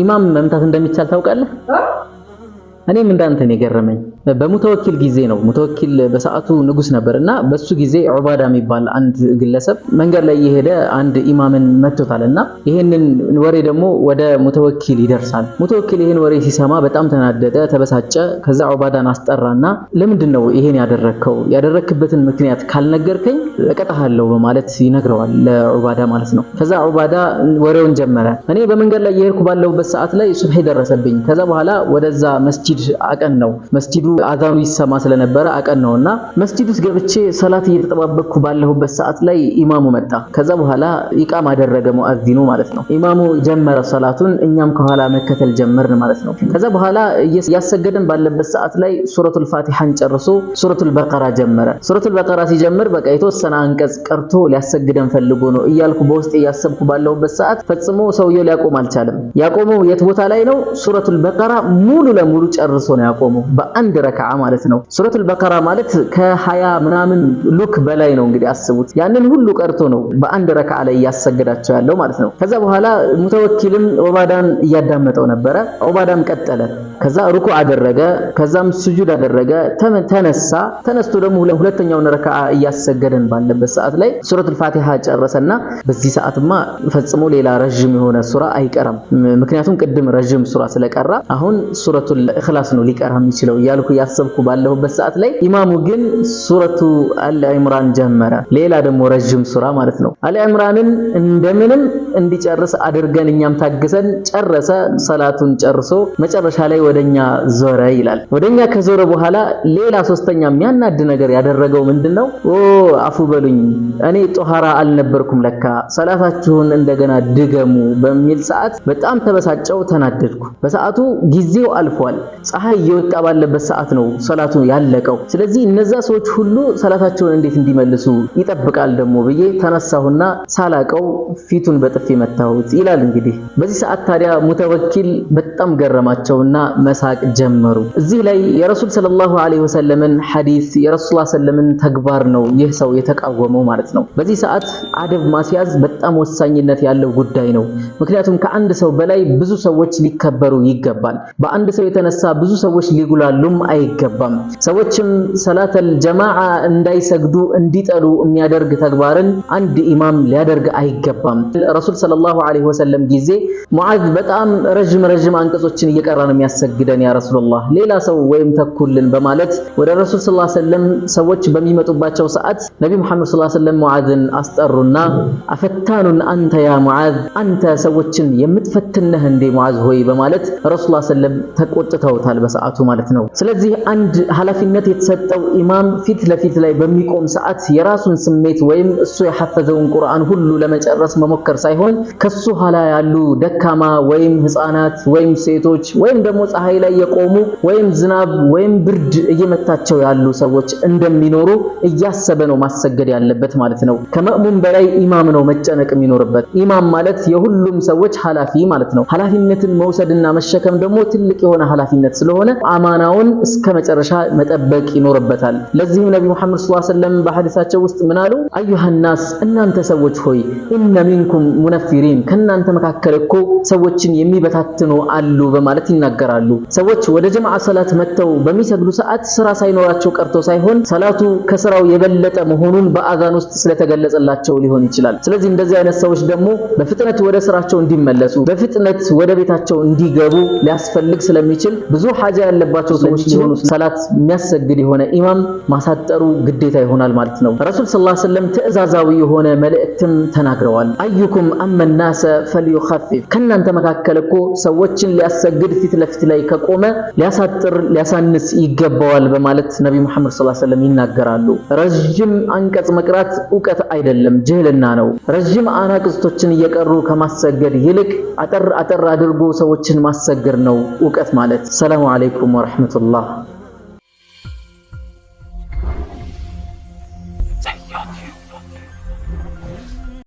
ኢማም መምታት እንደሚቻል ታውቃለህ? እኔም እንዳንተ ነው የገረመኝ። በሙተወኪል ጊዜ ነው። ሙተወኪል በሰዓቱ ንጉስ ነበር እና በሱ ጊዜ ዑባዳ የሚባል አንድ ግለሰብ መንገድ ላይ የሄደ አንድ ኢማምን መቶታል እና ይህንን ወሬ ደግሞ ወደ ሙተወኪል ይደርሳል። ሙተወኪል ይህን ወሬ ሲሰማ በጣም ተናደደ፣ ተበሳጨ። ከዛ ዑባዳን እና ለምንድን ነው ይሄን ያደረግከው? ያደረክበትን ምክንያት ካልነገርከኝ እቀጣሃለሁ በማለት ይነግረዋል ለዑባዳ ማለት ነው። ከዛ ዑባዳ ወሬውን ጀመረ። እኔ በመንገድ ላይ የሄድኩ ባለሁበት ሰዓት ላይ ሱብሒ ደረሰብኝ። ከዛ በኋላ ወደዛ መስጂድ አቀን ነው መስጂዱ አዛኑ ይሰማ ስለነበረ አቀን ነውና መስጂድ ውስጥ ገብቼ ሰላት እየተጠባበቅኩ ባለሁበት ሰዓት ላይ ኢማሙ መጣ። ከዛ በኋላ ኢቃም አደረገ ሙአዚኑ ማለት ነው። ኢማሙ ጀመረ ሰላቱን፣ እኛም ከኋላ መከተል ጀመርን ማለት ነው። ከዛ በኋላ እያሰገደን ባለበት ሰዓት ላይ ሱረቱል ፋቲሐን ጨርሶ ሱረቱል በቀራ ጀመረ። ሱረቱል በቀራ ሲጀምር በቃ የተወሰነ አንቀጽ ቀርቶ ሊያሰግደን ፈልጎ ነው እያልኩ በውስጥ እያሰብኩ ባለሁበት ሰዓት ፈጽሞ ሰውየው ሊያቆም አልቻለም። ያቆመው የት ቦታ ላይ ነው? ሱረቱል በቀራ ሙሉ ለሙሉ ጨርሶ ነው ያቆመው በአንድ ረካዓ ማለት ነው። ሱረቱል በቀራ ማለት ከሀያ ምናምን ሉክ በላይ ነው እንግዲህ አስቡት። ያንን ሁሉ ቀርቶ ነው በአንድ ረካዓ ላይ እያሰገዳቸው ያለው ማለት ነው። ከዛ በኋላ ሙተወኪልም ኦባዳን እያዳመጠው ነበረ። ኦባዳም ቀጠለ። ከዛ ሩኩ አደረገ፣ ከዛም ስጁድ አደረገ፣ ተነሳ። ተነስቶ ደግሞ ሁለተኛውን ረክዓ እያሰገደን ባለበት ሰዓት ላይ ሱረቱል ፋቲሃ ጨረሰና በዚህ ሰዓትማ ፈጽሞ ሌላ ረጅም የሆነ ሱራ አይቀርም። ምክንያቱም ቅድም ረጅም ሱራ ስለቀራ አሁን ሱረቱል ኢኽላስ ነው ሊቀራ የሚችለው እያልኩ ያሰብኩ ባለሁበት ሰዓት ላይ ኢማሙ ግን ሱረቱ አል ኢምራን ጀመረ። ሌላ ደግሞ ረጅም ሱራ ማለት ነው። አል ኢምራንን እንደምንም እንዲጨርስ አድርገን እኛም ታግሰን ጨረሰ። ሰላቱን ጨርሶ መጨረሻ ላይ ወደኛ ዞረ ይላል። ወደኛ ከዞረ በኋላ ሌላ ሶስተኛ የሚያናድ ነገር ያደረገው ምንድነው? ኦ አፉ በሉኝ እኔ ጦሃራ አልነበርኩም ለካ ሰላታችሁን እንደገና ድገሙ በሚል ሰዓት በጣም ተበሳጨው፣ ተናደድኩ። በሰዓቱ ጊዜው አልፏል። ፀሐይ እየወጣ ባለበት ሰዓት ነው ሰላቱ ያለቀው። ስለዚህ እነዛ ሰዎች ሁሉ ሰላታቸውን እንዴት እንዲመልሱ ይጠብቃል ደግሞ ብዬ ተነሳሁና ሳላቀው ፊቱን በጥ ጥፊ መታሁት ይላል። እንግዲህ በዚህ ሰዓት ታዲያ ሙተወኪል በጣም ገረማቸውና መሳቅ ጀመሩ። እዚህ ላይ የረሱል ሰለላሁ ዐለይሂ ወሰለምን ሐዲስ የረሱል ሰለምን ተግባር ነው ይህ ሰው የተቃወመው ማለት ነው። በዚህ ሰዓት አደብ ማስያዝ በጣም ወሳኝነት ያለው ጉዳይ ነው። ምክንያቱም ከአንድ ሰው በላይ ብዙ ሰዎች ሊከበሩ ይገባል። በአንድ ሰው የተነሳ ብዙ ሰዎች ሊጉላሉም አይገባም። ሰዎችም ሰላተል ጀማዓ እንዳይሰግዱ እንዲጠሉ የሚያደርግ ተግባርን አንድ ኢማም ሊያደርግ አይገባም። በረሱል ሰለላሁ ዐለይሂ ወሰለም ጊዜ ሙዓዝ በጣም ረዥም ረዥም አንቀጾችን እየቀራ ነው የሚያሰግደን ያ ረሱላላህ፣ ሌላ ሰው ወይም ተኩልን በማለት ወደ ረሱል ሰለላሁ ዐለይሂ ወሰለም ሰዎች በሚመጡባቸው ሰዓት ነቢ ሙሐመድ ሰለላሁ ዐለይሂ ወሰለም ሙዓዝን አስጠሩና አፈታኑን አንተ ያ ሙዓዝ፣ አንተ ሰዎችን የምትፈትነህ እንዴ ሙዓዝ ሆይ በማለት ረሱል ሰለም ተቆጥተውታል በሰዓቱ ማለት ነው። ስለዚህ አንድ ኃላፊነት የተሰጠው ኢማም ፊት ለፊት ላይ በሚቆም ሰዓት የራሱን ስሜት ወይም እሱ የሐፈዘውን ቁርአን ሁሉ ለመጨረስ መሞከር ሳይሆን ሳይሆን ከሱ ኋላ ያሉ ደካማ ወይም ህፃናት ወይም ሴቶች ወይም ደግሞ ፀሐይ ላይ የቆሙ ወይም ዝናብ ወይም ብርድ እየመታቸው ያሉ ሰዎች እንደሚኖሩ እያሰበ ነው ማሰገድ ያለበት ማለት ነው። ከመእሙም በላይ ኢማም ነው መጨነቅ የሚኖርበት። ኢማም ማለት የሁሉም ሰዎች ኃላፊ ማለት ነው። ኃላፊነትን መውሰድና መሸከም ደግሞ ትልቅ የሆነ ኃላፊነት ስለሆነ አማናውን እስከ መጨረሻ መጠበቅ ይኖርበታል። ለዚህም ነቢ መሐመድ ሰለላሁ ዐለይሂ ወሰለም በሐዲሳቸው ውስጥ ምን አሉ? አዩሃናስ እናንተ ሰዎች ሆይ ኢነ ሚንኩም ሙነፊሪን ከእናንተ መካከል እኮ ሰዎችን የሚበታትኑ አሉ በማለት ይናገራሉ። ሰዎች ወደ ጀማዓ ሰላት መጥተው በሚሰግዱ ሰዓት ስራ ሳይኖራቸው ቀርቶ ሳይሆን ሰላቱ ከስራው የበለጠ መሆኑን በአዛን ውስጥ ስለተገለጸላቸው ሊሆን ይችላል። ስለዚህ እንደዚህ አይነት ሰዎች ደግሞ በፍጥነት ወደ ስራቸው እንዲመለሱ፣ በፍጥነት ወደ ቤታቸው እንዲገቡ ሊያስፈልግ ስለሚችል ብዙ ሀጃ ያለባቸው ሰዎች ሲሆኑ ሰላት የሚያሰግድ የሆነ ኢማም ማሳጠሩ ግዴታ ይሆናል ማለት ነው። ረሱል ሰለላሁ ዐለይሂ ወሰለም ትዕዛዛዊ የሆነ መልእክትም ተናግረዋል። አዩኩም አመን ናሰ ፈልዩኸፊፍ ከእናንተ መካከል እኮ ሰዎችን ሊያሰግድ ፊት ለፊት ላይ ከቆመ ሊያሳጥር ሊያሳንስ ይገባዋል በማለት ነቢ ሙሐመድ ሰለላሁ ዐለይሂ ይናገራሉ። ረዥም አንቀጽ መቅራት እውቀት አይደለም፣ ጅህልና ነው። ረዥም አናቅጽቶችን እየቀሩ ከማሰገድ ይልቅ አጠር አጠር አድርጎ ሰዎችን ማሰገድ ነው እውቀት ማለት። ሰላሙ አለይኩም ወረሕመቱላህ